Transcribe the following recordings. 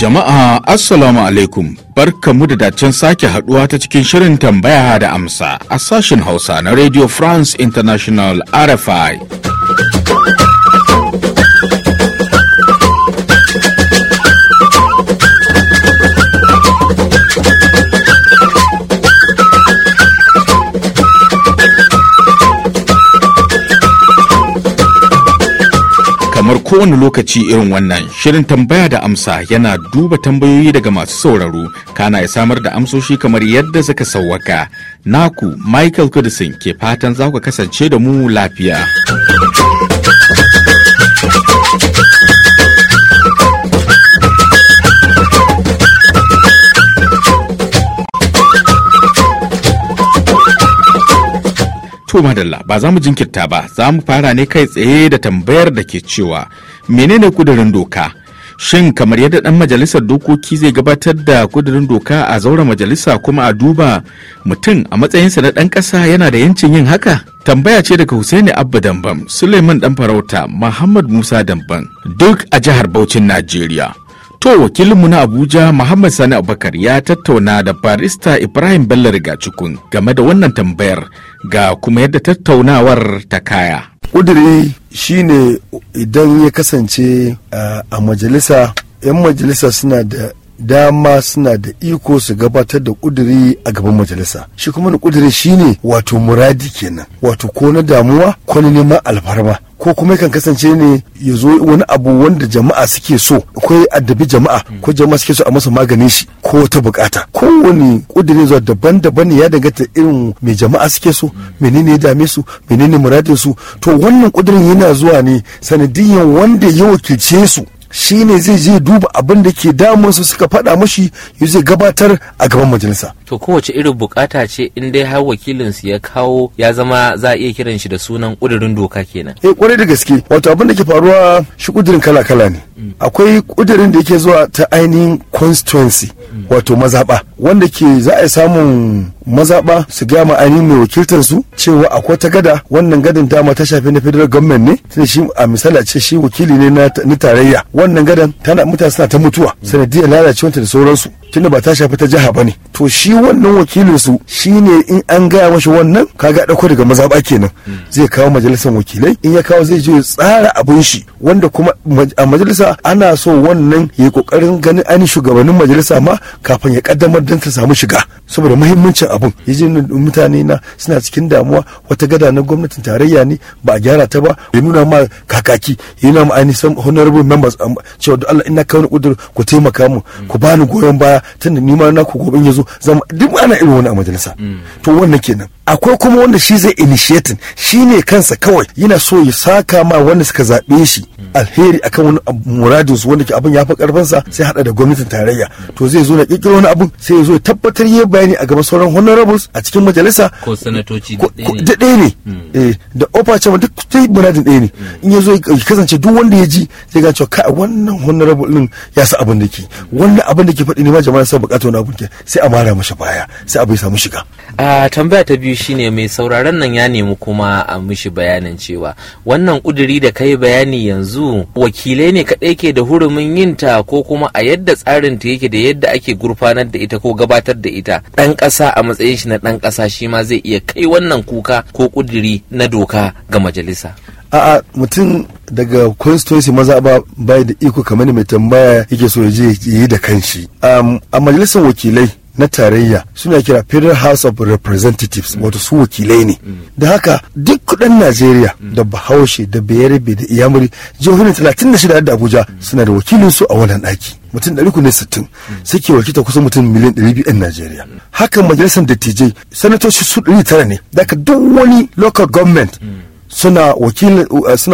Jama'a Assalamu alaikum barkamu da dacen sake haduwa ta cikin shirin tambaya da amsa a sashen Hausa na Radio France International RFI. kowane lokaci irin wannan shirin tambaya da amsa yana duba tambayoyi daga masu sauraro kana ya samar da amsoshi kamar yadda suka sauwaka naku michael kudisin ke fatan za ku kasance da mu lafiya To madalla ba za mu jinkirta ba za mu fara ne kai tsaye da tambayar da ke cewa menene kudirin doka shin kamar yadda dan majalisar dokoki zai gabatar da kudirin doka a zauren majalisa kuma a duba mutum a matsayinsa na dan kasa yana da yancin yin haka tambaya ce daga Husaini Abba Dambam, Suleiman Dan Farauta, Muhammad Musa Dambam duk a jihar Bauchin Najeriya. To wakilinmu na Abuja Muhammad Sani Abubakar ya tattauna da barista Ibrahim Bello Rigacikun game da wannan tambayar ga kuma yadda tattaunawar ta kaya. Ƙudiri shine idan ya kasance eh, a majalisa 'yan majalisa suna da dama suna da iko su gabatar da kuduri a gaban majalisa shi kuma da kuduri shine wato muradi kenan wato ko na damuwa ko na neman alfarma ko kuma kan kasance ne ya zo wani abu wanda jama'a suke so akwai addabi jama'a hmm. ko jama'a suke so a masa maganin shi ko wata bukata kowane kudirin zuwa daban-daban ya ya ta irin mai jama'a suke so hmm. menene ya dame su menene muradin su to wannan kudirin yana zuwa ne sanadiyan wanda ya wakilce su shi ne zai je duba abin da ke su suka faɗa mashi ya zai gabatar a gaban majalisa. To kowace irin bukata ce in dai har wakilinsu ya kawo ya zama za a iya kiran shi da sunan ƙudurin doka kenan. Eh kwarai da gaske wato abin da ke faruwa shi ƙudurin kala-kala ne. Mm. Akwai ƙudurin da yake zuwa ta ainihin constituency wato mazaɓa wanda ke za a samun mazaɓa su gaya ma'ani mai wakiltar su cewa akwai ta gada wannan gadin dama ta shafi na federal government ne tun shi a misali ce shi wakili ne na tarayya wannan gadan tana mutane suna ta mutuwa sanadiyar lalacewanta da sauransu tunda ba ta shafi ta jiha ba ne? to shi wannan wakilin su shine in an gaya mashi wannan kaga dauko daga mazaba kenan zai kawo majalisar wakilai in ya kawo zai je tsara abun shi wanda kuma a majalisa ana so wannan ya kokarin ganin ani shugabannin majalisa ma kafin ya kaddamar don ta samu shiga saboda muhimmancin abun yaje mutane na suna cikin damuwa wata gada na gwamnatin tarayya ne ba a gyara ta ba ya nuna ma kakaki ya nuna ma ainihin honorable members um, cewa Allah ina kawo ni ku taimaka mu ku bani goyon baya tunda ni ma na ku gobe ya zo zama duk ana irin wani a majalisa mm. to wannan kenan akwai kuma wanda shi zai initiating shi ne kansa kawai yana so ya saka ma wanda suka zaɓe shi alheri akan wani muradin su wanda ke abin ya fi karfinsa sai hada da gwamnatin tarayya to zai zo na kirkiro wani abu sai ya zo ya tabbatar ya bayani a gaban sauran honorables a cikin majalisa ko sanatoci da ɗaya ne hmm. eh, da ofa cewa duk sai muradin ɗaya ne hmm. in ya zo ya kasance duk wanda ya ji sai ga cewa kai wannan honorable din ya sa abin da ke wannan abin da ke faɗi ne ma jama'a sai bukata wani abu ke sai a mara masa baya sai abu ya samu shiga a ah, tambaya ta biyu shine mai sauraron nan ya nemi kuma a mishi bayanin cewa wannan kuduri da kai bayani yanzu wakilai ne kaɗai ke da hurumin yin ta ko kuma a yadda tsarin ta yake da yadda ake gurfanar da ita ko gabatar da ita ɗan ƙasa a matsayin shi na ɗan ƙasa shi ma zai iya kai wannan kuka ko kuduri na doka ga majalisa. a'a mutum daga constituency maza ba bai da iko kamar mai tambaya yake so ya je yi da kanshi a majalisar wakilai na tarayya suna kira federal house of representatives mm. wato su wakilai ne mm. da haka duk kudin najeriya mm. da bahaushe da bayarbe da iyamuri jihohin 36 da abuja suna da wakilin su a wannan daki mutum ɗari ne sittin suke wakilta kusan mutum miliyan dari biyu Najeriya. Hakan majalisar dattijai sanatoci su ɗari tara ne da duk wani local government suna uh,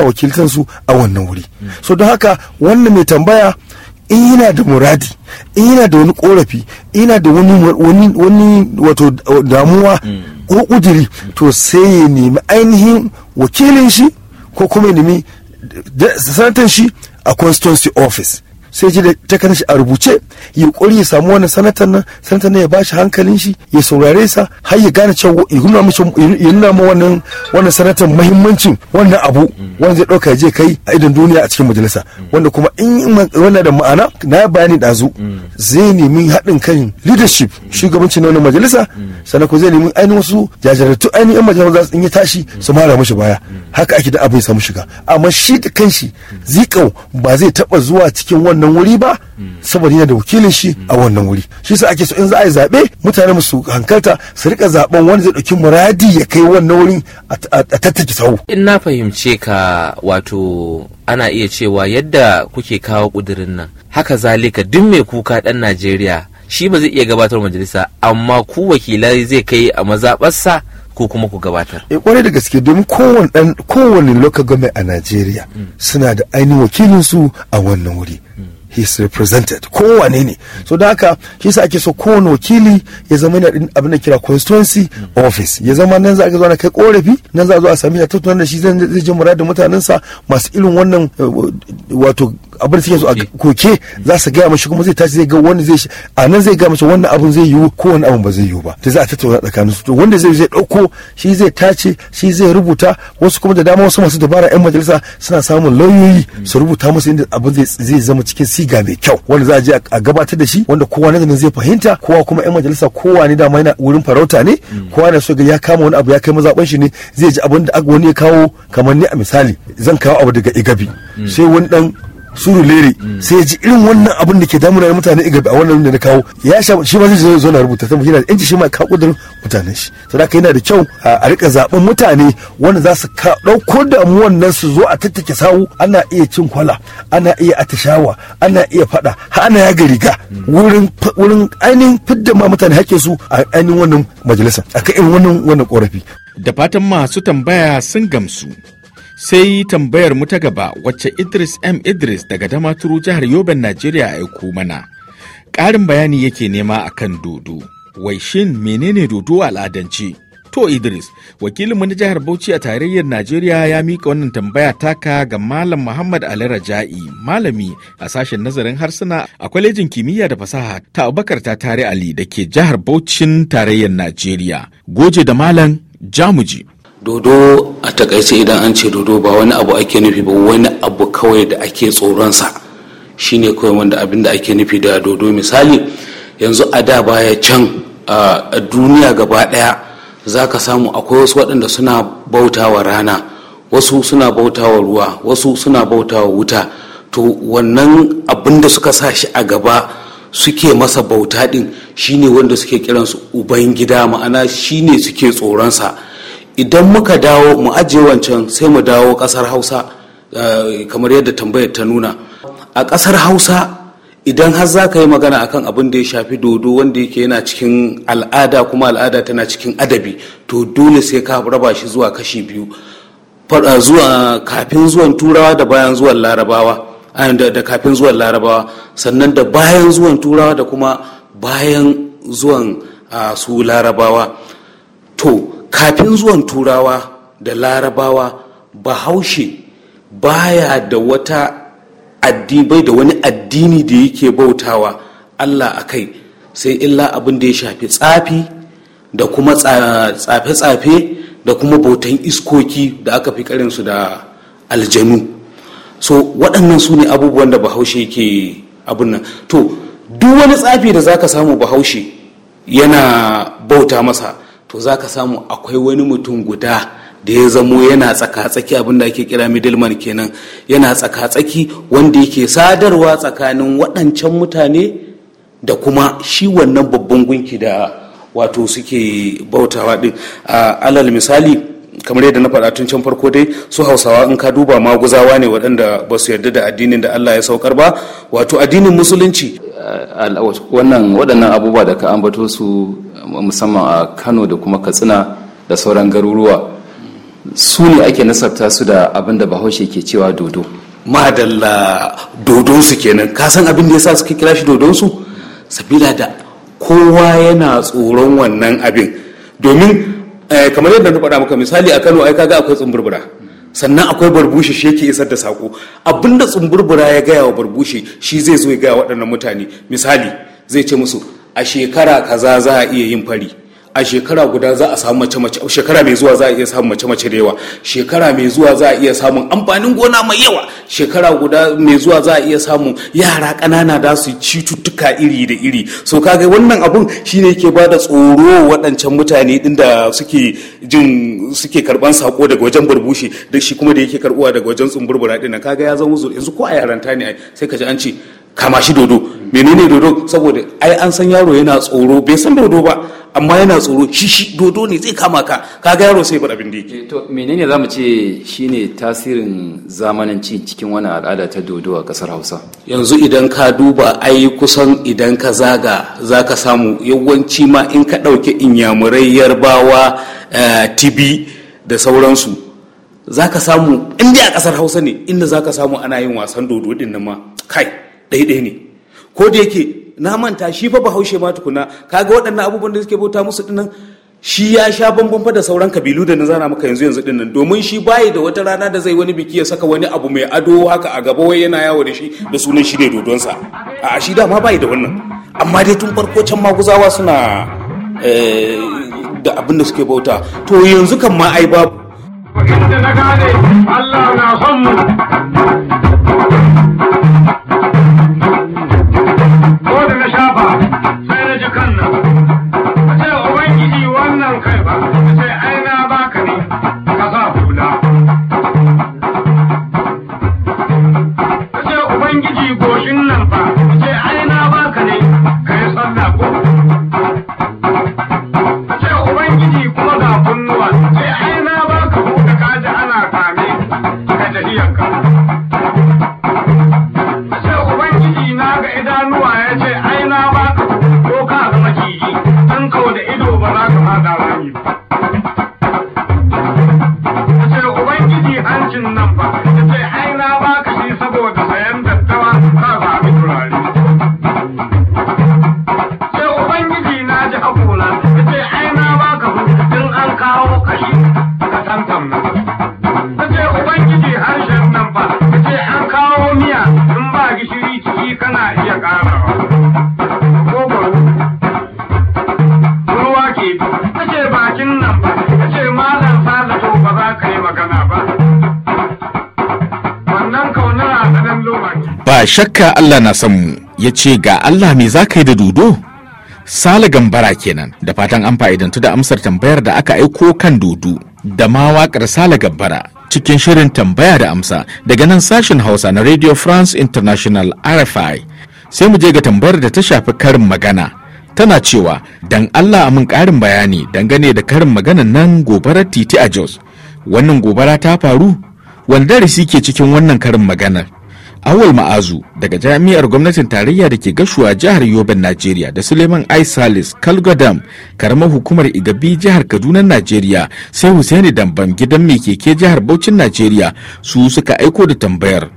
wakiltar su a wannan wuri. So don haka wannan mai tambaya in yana da muradi in yana da wani korafi in da wani wato damuwa ko kudiri to sai ya nemi ainihin wakilin shi ko kuma ya nemi sanatan shi a constituency office sai ji da takan shi a rubuce ya kokari ya samu wannan sanatan nan sanatan nan ya shi hankalin shi ya saurare sa har ya gane cewa ya nuna mishi ya nuna ma wannan wannan sanatan muhimmancin wannan abu wanda zai dauka ya je kai a idan duniya a cikin majalisa wanda kuma in wannan da ma'ana na bayani dazu zai nemi haɗin kan leadership shugabanci na wannan majalisa sannan ko zai nemi ainihin wasu jajirtattu ainihin yan majalisa za ya tashi su mara mishi baya haka ake da abu ya samu shiga amma shi da kanshi zikau ba zai taba zuwa cikin wannan wannan wuri ba saboda yana da wakilin shi a wannan wuri shi sa ake so in za a yi zaɓe mutane su hankalta su rika zaɓen wanda zai ɗauki muradi ya kai wannan wurin a tattaki sahu. in na fahimce ka wato ana iya cewa yadda kuke kawo ƙudurin nan haka zalika duk mai kuka ɗan najeriya shi ba zai iya gabatar majalisa amma ku wakilai zai kai a mazaɓarsa ko kuma ku gabatar? E eh, kwarai da gaske domin kowane dan kowane local government a Najeriya mm. suna da ainihin wakilinsu a wannan wuri. Mm. he is represented kowane ne so da haka shi sa ake so kowane wakili ya zama yana abin da kira constituency office ya zama nan za a zo na kai korafi nan za a zo a sami shi a da shi zai ji mutanen mutanensa masu irin wannan eh, wato abin da suke so a koke za su gaya mashi kuma zai tashi zai ga wani zai a nan zai gaya mashi wannan abin zai yiwu ko wani abin ba zai yiwu ba to za a tattauna tsakanin su to wanda zai zai dauko shi zai tace shi zai rubuta wasu kuma da dama wasu masu dabara yan majalisa suna samun lauyoyi su rubuta musu inda abin zai zama cikin ga mai kyau wanda za a je a gabatar da shi wanda kowa na zai fahimta kowa kuma yan majalisa kowa ne dama yana wurin farauta ne mm. kowa na so ga ya kama wani abu ya kai mazaban shi ne zai ji abin da wani ya kawo kamar ni a misali zan kawo abu daga igabi mm. sai wani dan suru lere mm. sai ya ji irin wannan abin da ke damuna na mutane igabi a wannan da na kawo ya sha shi ma zai zo na rubuta ta yana da yanci shi ma ka kudin mutanen shi to da yana da kyau a rika zaben mutane wanda za su ɗauko dauko da mu su zo a tattake sawu ana iya cin kwala ana iya atishawa ana iya fada har ana ga riga mm. wurin wurin ainihin fidda ma mutane hake su a ainihin wannan majalisa akan irin wannan wannan korafi da fatan masu tambaya sun gamsu sai tambayar mu ta gaba wacce idris m idris daga damaturu jihar yoben najeriya a aiko mana ƙarin bayani yake nema a kan dodo wai shin menene dodo a al'adance? to idris wakilin mu na jihar bauchi a tarayyar najeriya ya mika wannan tambaya taka ga malam muhammad ali raja'i malami a sashen nazarin harsuna a kwalejin kimiyya da fasaha ta abubakar ta tare ali da ke jihar bauchin tarayyar najeriya goje da malam jamuji dodo a takaice idan an ce dodo ba wani abu ake nufi ba wani abu kawai da ake tsoronsa shine kawai wanda abin da ake nufi da dodo misali yanzu a da baya can a duniya gaba daya za ka samu akwai wasu waɗanda suna bautawa rana wasu suna bautawa ruwa wasu suna bautawa wuta to wannan abin da suka sa shi a gaba suke masa bauta ɗin shine wanda suke kiransu gida ma'ana shi ne suke tsoronsa idan muka dawo mu ajiye wancan sai mu dawo kasar hausa eh, kamar yadda tambayar ta nuna a kasar hausa idan har za ka yi magana akan abin da ya shafi dodo wanda yake yana cikin al'ada kuma al'ada tana cikin adabi to dole sai ka raba shi zuwa kashi biyu eh, kafin zuwan turawa da bayan zuwan larabawa eh, da kafin zuwan larabawa sannan da bayan zuwan turawa da kuma bayan zuwan ah, su larabawa to kafin zuwan turawa da larabawa bahaushe baya da wata bai da wani addini da yake bautawa allah a kai sai illa abin da ya shafi tsafi da kuma tsafe-tsafe da kuma bautan iskoki da aka fi karinsu da aljanu so waɗannan su ne abubuwan da bahaushe ke abin nan to duk wani tsafi da za ka samu bahaushe yana bauta masa to za ka samu akwai wani mutum guda da ya zamo yana tsaka-tsaki abin da ake kira middleman kenan yana tsaka-tsaki wanda yake sadarwa tsakanin waɗancan mutane da kuma shi wannan babban gunki da wato suke bautawa din alal misali kamar yadda na faɗa tun can farko dai su hausawa in ka duba maguzawa ne waɗanda ba su yarda da addinin da Allah ya saukar ba wato addinin musulunci wannan waɗannan abubuwa da ka ambato su musamman a kano da kuma katsina da sauran garuruwa su ne ake nasabta su da abin da bahaushe ke cewa dodo madalla dodonsu kenan ka san abin da yasa suka kira shi dodonsu sabila da kowa yana tsoron wannan abin domin eh, kamar yadda na faɗa maka misali a kano ai kaga akwai tsumburbura sannan akwai barbushe shi yake isar da sako abinda tsumburbura ya gaya wa barbushe shi zai zo ya gaya waɗannan mutane misali zai ce musu a shekara kaza za a iya yin fari a shekara guda za a samu mace-mace shekara mai zuwa za a iya samun mace-mace da yawa shekara mai zuwa za a iya samun amfanin gona mai yawa shekara guda mai zuwa za a iya samun yara ƙanana da su cututtuka iri da iri so kaga wannan abun shine yake ba da tsoro waɗancan mutane din da suke jin suke karban sako daga wajen burbushe da shi kuma da yake karbuwa daga wajen tsumburbura din kaga ya zama yanzu ko a yaranta ne sai ka ji an ce kama shi dodo menene dodo saboda ai an san yaro yana tsoro bai san dodo ba amma yana tsoro shi shi dodo ne zai kama ka kaga yaro sai bar abin da yake eh, to menene zamu ce shine tasirin zamananci cikin wani al'ada ta dodo a kasar Hausa yanzu idan ka duba ai kusan idan ka zaga zaka samu yawanci ma in ka dauke inyamurai yarbawa eh, tibi da sauransu zaka samu inda a kasar Hausa ne inda zaka samu ana yin wasan dodo din nan ma kai ɗaiɗai ne ko da yake na manta shi fa bahaushe ma tukuna kaga waɗannan abubuwan da suke bauta musu dinnan shi ya sha bambam fa da sauran kabilu da na zana maka yanzu yanzu dinnan domin shi bayi da wata rana da zai wani biki ya saka wani abu mai ado haka a gaba wai yana yawo da shi da sunan shi ne dodonsa a shi dama bayi da wannan amma dai tun farko can maguzawa suna eh, da abin da suke bauta to yanzu kan ma ai babu Allah na son mu da shakka Allah na san mu ya ce ga Allah me za ka yi da dodo sala gambara kenan da fatan an fa'idantu da amsar tambayar da aka aiko kan dodo da ma waƙar sala gambara cikin shirin tambaya da amsa daga nan sashen hausa na radio france international rfi sai mu je ga tambayar da ta shafi karin magana tana cewa dan allah a mun karin bayani dangane da karin magana nan gobarar titi a jos wannan gobara ta faru Wanda darasi ke cikin wannan karin maganar awal ma'azu daga jami'ar gwamnatin tarayya da ke gashuwa jihar yoben najeriya da suleiman i kalgadam karamar hukumar igabi jihar kaduna najeriya sai husaini dambam gidan mai keke jihar Bauchin najeriya su suka aiko da tambayar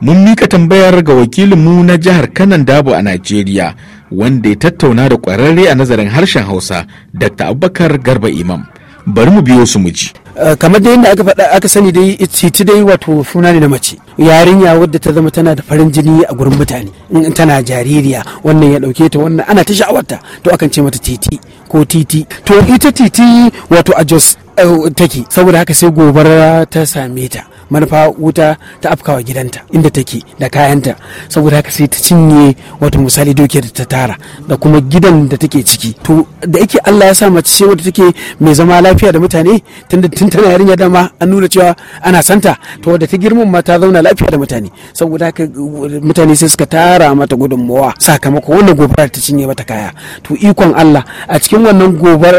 mun mika tambayar ga wakilinmu na jihar kanan dabo a najeriya wanda ya tattauna da kwararre a nazarin harshen hausa dr abubakar garba imam bari mu biyo su mu ji Eh, kamar da yadda aka faɗa aka sani dai titi dai wato suna ne na mace yarinya wadda ta zama tana da farin jini a gurin mutane in tana jaririya wannan ya ɗauke ta wannan ana ta sha'awarta to akan ce mata titi ko titi to ita titi wato a jos eh, take saboda haka sai gobara ta same ta manufa wuta ta afkawa gidanta inda take da kayanta saboda haka sai ta cinye wato misali dukiyar da ta tara da kuma gidan da take ciki to da yake Allah ya sa mace ce wadda take mai zama lafiya da mutane tunda tun tana yarinya dama an nuna cewa ana santa to wadda ta girman ma ta zauna lafiya da mutane saboda haka uh, mutane sai suka tara mata gudunmawa sakamakon wannan gobara ta cinye mata kaya to ikon Allah a cikin wannan gobara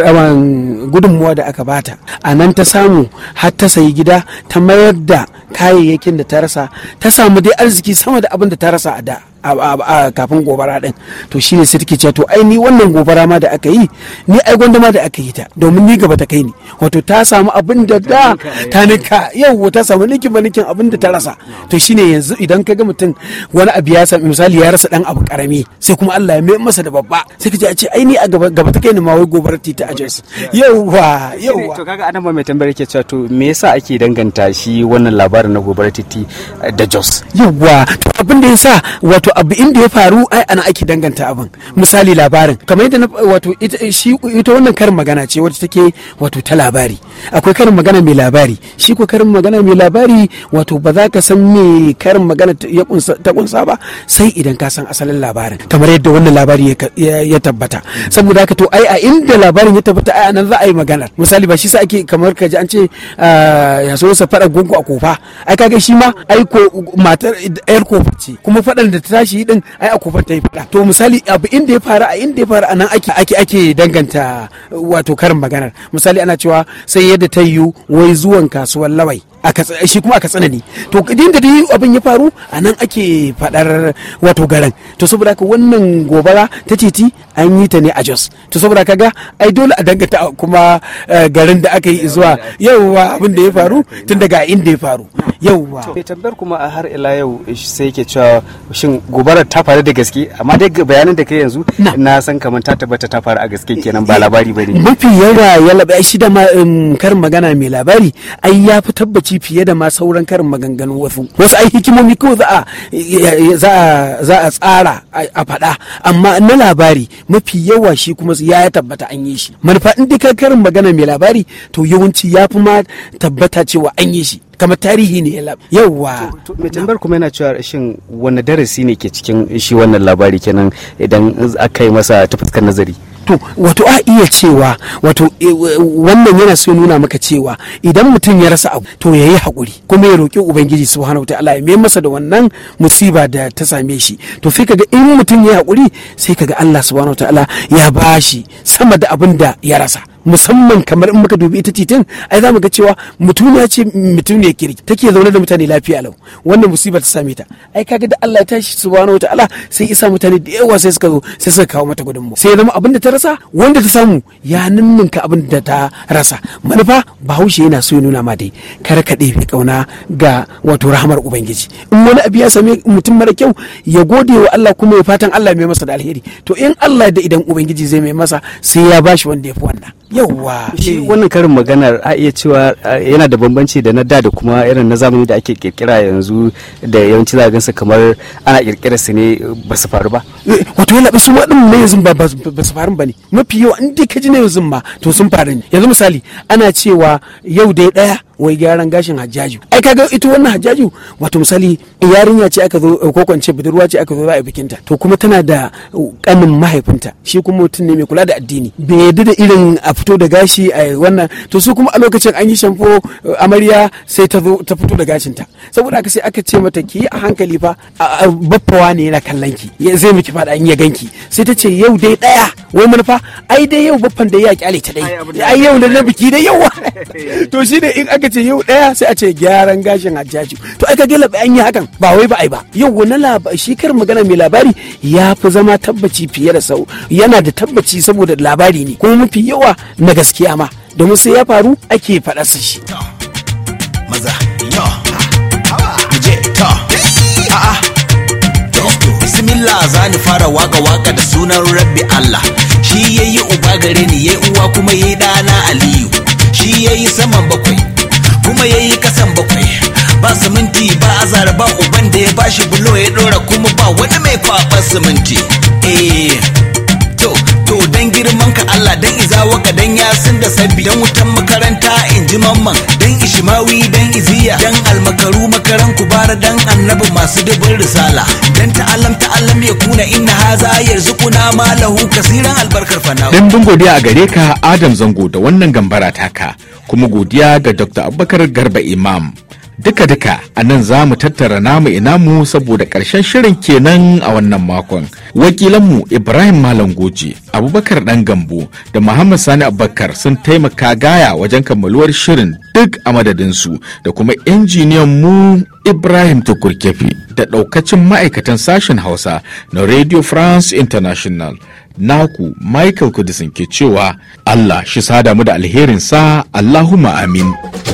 gudunmawa da aka bata a nan ta samu har ta sayi gida ta mayar da kayayyakin da ta rasa ta samu dai arziki sama da abin da ta rasa a da kafin gobara din to shine sai take cewa to ai ni wannan gobara ma da aka yi ni ai gwanda ma da aka yi ta domin ni gaba ta kai ni wato ta samu abin da da ta nika yau ta samu nikin ba nikin abin da ta rasa to shine yanzu idan ka ga mutum wani abu ya sami misali ya rasa dan abu karami sai kuma Allah ya mai masa da babba sai kaje a ce ai ni a gaba gaba ta kai ni ma wai gobara ta a Jos yauwa yauwa to kaga anan mai tambayar ke cewa to me yasa ake danganta shi wannan labarin na gobara titi da Jos yauwa to abin da yasa wato to abu inda ya faru ai ana ake danganta abin misali labarin kamar yadda wato ita wannan karin magana ce wacce take wato ta labari akwai karin magana mai labari shi ko karin magana mai labari wato ba za ka san me karin magana ta kunsa ba sai idan ka san asalin labarin kamar yadda wannan labari ya tabbata saboda haka to ai a inda labarin ya tabbata ai anan za a yi magana misali ba shi sa ake kamar ka ji an ce ah, ya so sa fada gungu a kofa ai ga shi ma ai ko matar yar kofa ce kuma faɗan da ta za shi yi din ai a kofar ta yi fada to misali abu inda ya faru a inda ya faru a nan ake ake ake danganta wato karin maganar misali ana cewa sai yadda ta yiwu wai zuwan kasuwar lawai shi kuma aka tsanani to din da dai abin ya faru a nan ake fadar wato garan to saboda haka wannan gobara ta titi an yi ta ne a jos to saboda kaga ai dole a dangata kuma eh, garin da aka yi zuwa yauwa abin da ya faru tun daga inda ya faru yauwa to tabbar kuma a har ila yau eh, sai yake cewa shin gobarar ta faru da gaske amma dai bayanan da kai yanzu na san kamar ta tabbata ta faru a gaske kenan ba eh, labari bane mafi yawa ya labai shi da karin magana mai labari ai ya fi tabbaci mahimmanci fiye da ma sauran karin maganganun wasu wasu ai hikimomi ko za a tsara a faɗa amma na labari mafi yawa shi kuma ya tabbata an yi shi manufa in karin magana mai labari to yawanci ya fi ma tabbata cewa an yi shi kamar tarihi ne ya yauwa mai tambar kuma yana cewa shin wani darasi ne ke cikin shi wannan labari kenan idan aka yi masa ta nazari to wato a iya cewa wato e, e, wannan yana so nuna maka cewa idan mutum ya rasa abu to ya yi haƙuri kuma ya roƙi ubangiji subhanahu ta'ala ya mai masa da wannan musiba da ta same shi to sai kaga in mutum ya hakuri sai kaga Allah subhanahu ta'ala ya bashi sama da abin da ya rasa musamman kamar in muka dubi ita titin ai za mu ga cewa mutuniya ce mutuniyar kirki take zaune da mutane lafiya lau wannan musibar ta same ta ai kaga da Allah ya tashi subhanahu wataala sai isa mutane da yawa sai suka zo sai suka kawo mata gudunmu sai ya zama abin da ta rasa wanda ta samu ya ninninka abin da ta rasa manufa bahaushe yana so ya nuna ma dai kar ka ɗebe kauna ga wato rahamar ubangiji in wani abu ya same mutum mara kyau ya gode wa Allah kuma ya fatan Allah mai masa da alheri to in Allah da idan ubangiji zai mai masa sai ya bashi wanda ya fi wannan yawwa shi wannan karin maganar a iya cewa yana da bambanci da na da da kuma irin na zamani da ake kirkira yanzu da yawanci za gansa kamar ana kirkira su ne ba su faru ba eh, wato yana su waɗin ne yanzu ba ba su faru ba ne mafi yawa in dai ka na yanzu ma to sun faru ne yanzu misali ana cewa yau dai ɗaya wai gyaran gashin hajjaju ai kaga ita wannan hajjaju wato misali yarinya ce aka zo ko kwance budurwa ce aka zo za a bikinta to kuma tana da kanin uh, mahaifinta shi kuma mutum ne mai kula da addini bai yadda da irin a fito da gashi a wannan to su kuma a lokacin an yi shamfo uh, amarya sai ta zo ta fito da ta saboda haka sai aka ce mata ki a hankali fa baffawa ne yana kallon ki zai miki fada in ya ganki sai ta ce yau dai daya wai manufa ai dai yau baffan da ya kyale ta dai ai yau da na biki dai yau to ne in aka ce yau ɗaya sai a ce gyaran gashin hajjaji to ai kage labai an yi hakan ba wai ba ai ba yau wani shi kar magana mai labari ya fi zama tabbaci fiye da sau yana da tabbaci saboda labari ne kuma mafi yawa na gaskiya ma domin sai ya faru ake faɗa su shi. Maza, yo, bismillah za ni fara waka waka da sunan rabbi Allah shi yayi uba gare ni yayi uwa kuma yayi dana Aliyu shi yayi saman bakwai kuma ya yi kasan bakwai ba siminti ba azara ba uban da ya bashi bulo ya dora kuma ba wani mai kwaɓar siminti eh to to dan girman ka Allah dan izawa ka dan yasin da sabbi dan wutan makaranta in ji mamman dan ishimawi dan iziya dan almakaru makaran kubara dan annabi masu dubin risala dan ta'alam ta'alam ya kuna inna haza Yanzu, kuna malahu kasiran albarkar fana dan godiya a gare ka Adam Zango da wannan gambara taka kuma godiya ga dr abubakar garba imam duka-duka a nan za mu tattara namu mu saboda ƙarshen shirin kenan a wannan makon wakilanmu ibrahim malam goji abubakar dan gambo da muhammad sani abubakar sun taimaka gaya wajen kammaluwar shirin duk a madadinsu da kuma injiniyan mu ibrahim tukurkefi da ɗaukacin ma'aikatan sashen hausa na radio france international naku Michael Kudisin ke cewa Allah shi sada mu da alherinsa Allahumma amin.